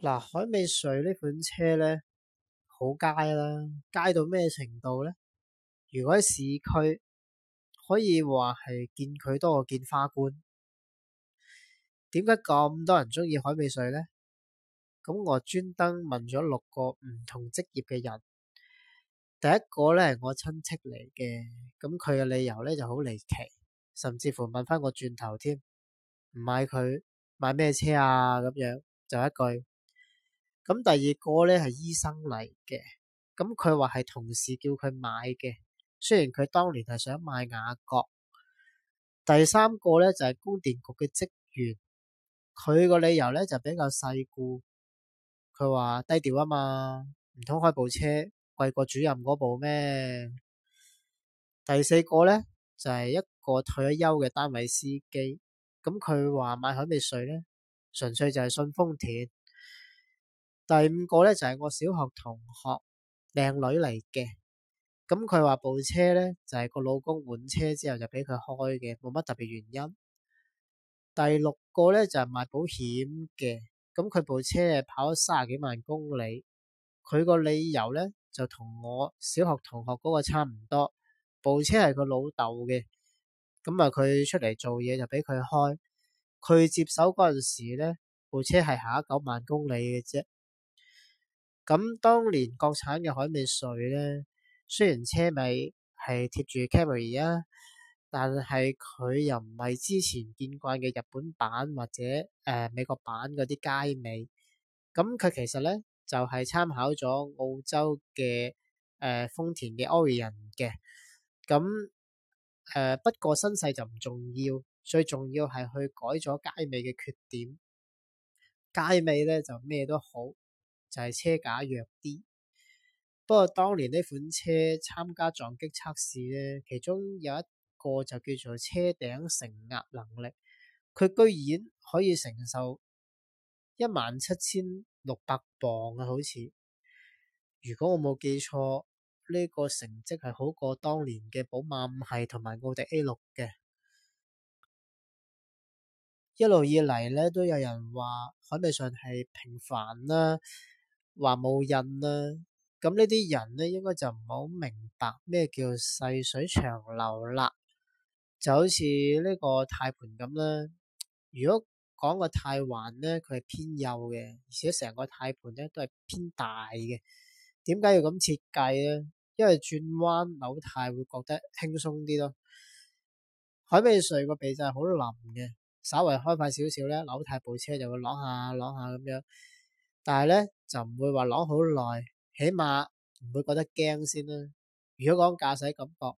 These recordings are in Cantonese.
嗱，凱美瑞呢款車呢，好街啦，街到咩程度呢？如果喺市區，可以話係見佢多過見花冠。點解咁多人鍾意凱美瑞呢？咁我專登問咗六個唔同職業嘅人，第一個呢係我親戚嚟嘅，咁佢嘅理由呢就好離奇，甚至乎問翻個轉頭添，唔買佢買咩車啊？咁樣就一句。咁第二個咧係醫生嚟嘅，咁佢話係同事叫佢買嘅。雖然佢當年係想買雅閣。第三個咧就係供電局嘅職員，佢個理由咧就比較細故，佢話低調啊嘛，唔通開部車貴過主任嗰部咩？第四個咧就係一個退咗休嘅單位司機，咁佢話買凱美瑞咧，純粹就係信豐田。第五個咧就係我小學同學靚女嚟嘅，咁佢話部車咧就係、是、個老公換車之後就俾佢開嘅，冇乜特別原因。第六個咧就係、是、賣保險嘅，咁佢部車跑咗三十幾萬公里，佢個理由咧就同我小學同學嗰個差唔多，部車係個老豆嘅，咁啊佢出嚟做嘢就俾佢開，佢接手嗰陣時咧部車係下咗九萬公里嘅啫。咁當年國產嘅凱美瑞咧，雖然車尾係貼住 Camry 但係佢又唔係之前見慣嘅日本版或者誒、呃、美國版嗰啲街尾。咁佢其實咧就係、是、參考咗澳洲嘅誒、呃、豐田嘅 Aurion 嘅。咁誒、呃、不過身世就唔重要，最重要係去改咗街尾嘅缺點。街尾咧就咩都好。就係車架弱啲，不過當年呢款車參加撞擊測試呢，其中有一個就叫做車頂承壓能力，佢居然可以承受一萬七千六百磅啊！好似，如果我冇記錯，呢個成績係好過當年嘅寶馬五系同埋奧迪 A 六嘅。一路以嚟呢，都有人話，海面上係平凡啦、啊。話冇印啦，咁呢啲人咧應該就唔好明白咩叫細水長流啦，就好似呢個軚盤咁啦。如果講個軚環咧，佢係偏幼嘅，而且成個軚盤咧都係偏大嘅。點解要咁設計咧？因為轉彎扭軚會覺得輕鬆啲咯。凱美瑞個鼻就係好腍嘅，稍為開快少少咧，扭軚部車就會攞下攞下咁樣。但係咧就唔會話攞好耐，起碼唔會覺得驚先啦。如果講駕駛感覺，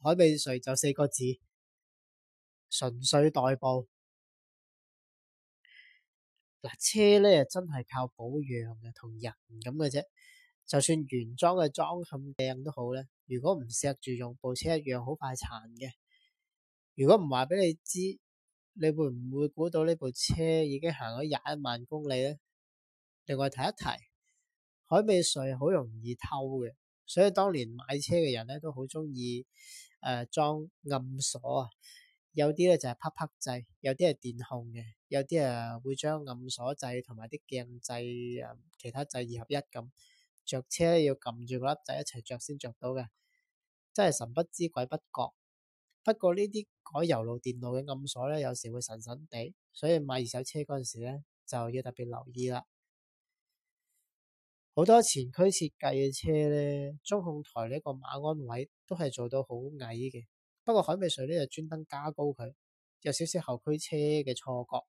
凱美瑞就四個字，純粹代步。嗱，車咧真係靠保養嘅，同人咁嘅啫。就算原裝嘅裝咁靚都好咧，如果唔錫住用部車，一樣好快殘嘅。如果唔話俾你知，你會唔會估到呢部車已經行咗廿一萬公里咧？另外提一提，凱美瑞好容易偷嘅，所以當年買車嘅人咧都好中意誒裝暗鎖啊。有啲咧就係啪啪制，有啲係電控嘅，有啲啊會將暗鎖制同埋啲鏡制啊其他制二合一咁，着車要撳住個粒仔一齊着先着到嘅，真係神不知鬼不覺。不過呢啲改油路、電路嘅暗鎖咧，有時會神神地，所以買二手車嗰陣時咧就要特別留意啦。好多前驅設計嘅車咧，中控台呢一個馬鞍位都係做到好矮嘅。不過海美瑞呢就專登加高佢，有少少後驅車嘅錯覺。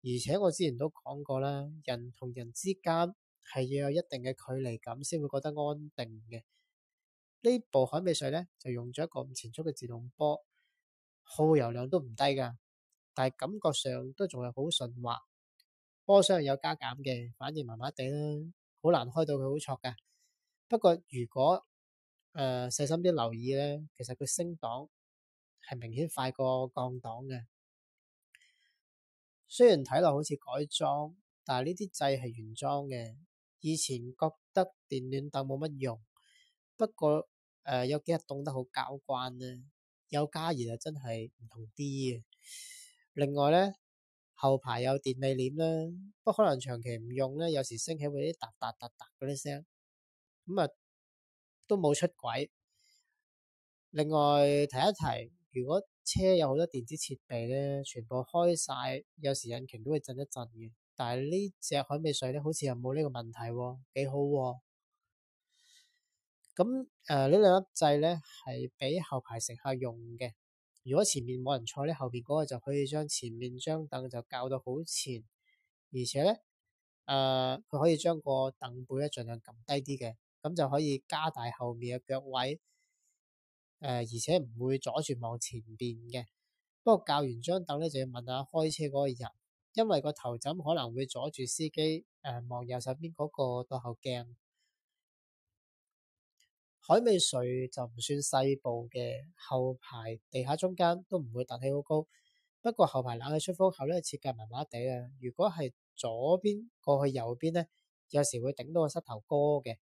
而且我之前都講過啦，人同人之間係要有一定嘅距離感先會覺得安定嘅。呢部海美瑞呢就用咗一個五前速嘅自動波，耗油量都唔低噶，但係感覺上都仲係好順滑。波箱有加減嘅，反而麻麻地啦。好難開到佢好挫嘅，不過如果誒、呃、細心啲留意咧，其實佢升檔係明顯快過降檔嘅。雖然睇落好似改裝，但係呢啲掣係原裝嘅。以前覺得電暖凳冇乜用，不過誒、呃、有幾日凍得好交關咧，有加熱就真係唔同啲嘅。另外咧。後排有電尾簾啦，不過可能長期唔用咧，有時升起會啲嗒嗒嗒嗒嗰啲聲，咁啊都冇出軌。另外提一提，如果車有好多電子設備咧，全部開晒，有時引擎都會震一震嘅。但係呢隻凱美瑞咧，好似又冇呢個問題，幾好。咁誒、呃、呢兩粒掣咧，係俾後排乘客用嘅。如果前面冇人坐咧，後邊嗰個就可以將前面張凳就較到好前，而且咧，誒、呃，佢可以將個凳背咧盡量撳低啲嘅，咁就可以加大後面嘅腳位，誒、呃，而且唔會阻住望前邊嘅。不過較完張凳咧，就要問下開車嗰個人，因為個頭枕可能會阻住司機誒、呃、望右手邊嗰個倒後鏡。凱美瑞就唔算細部嘅，後排地下中間都唔會凸起好高，不過後排冷氣出風口咧設計麻麻地啊！如果係左邊過去右邊咧，有時會頂到個膝頭哥嘅。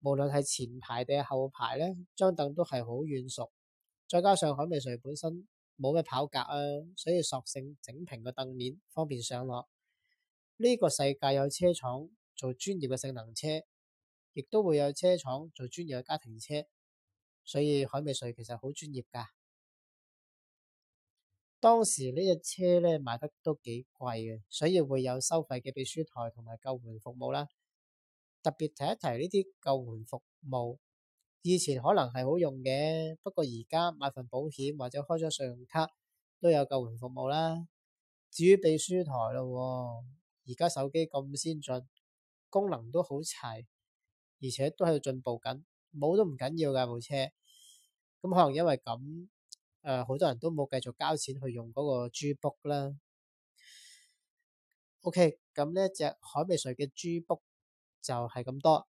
無論係前排定係後排咧，張凳都係好軟熟，再加上凱美瑞本身冇咩跑格啊，所以索性整平個凳面方便上落。呢、這個世界有車廠做專業嘅性能車。亦都會有車廠做專業嘅家庭車，所以凱美瑞其實好專業㗎。當時呢隻車咧，買得都幾貴嘅，所以會有收費嘅秘書台同埋救援服務啦。特別提一提呢啲救援服務，以前可能係好用嘅，不過而家買份保險或者開咗信用卡都有救援服務啦。至於秘書台咯，而家手機咁先進，功能都好齊。而且都喺度進步緊，冇都唔緊要㗎部車，咁可能因為咁，誒、呃、好多人都冇繼續交錢去用嗰個 G-book 啦。OK，咁呢一隻海味水嘅 G-book 就係咁多。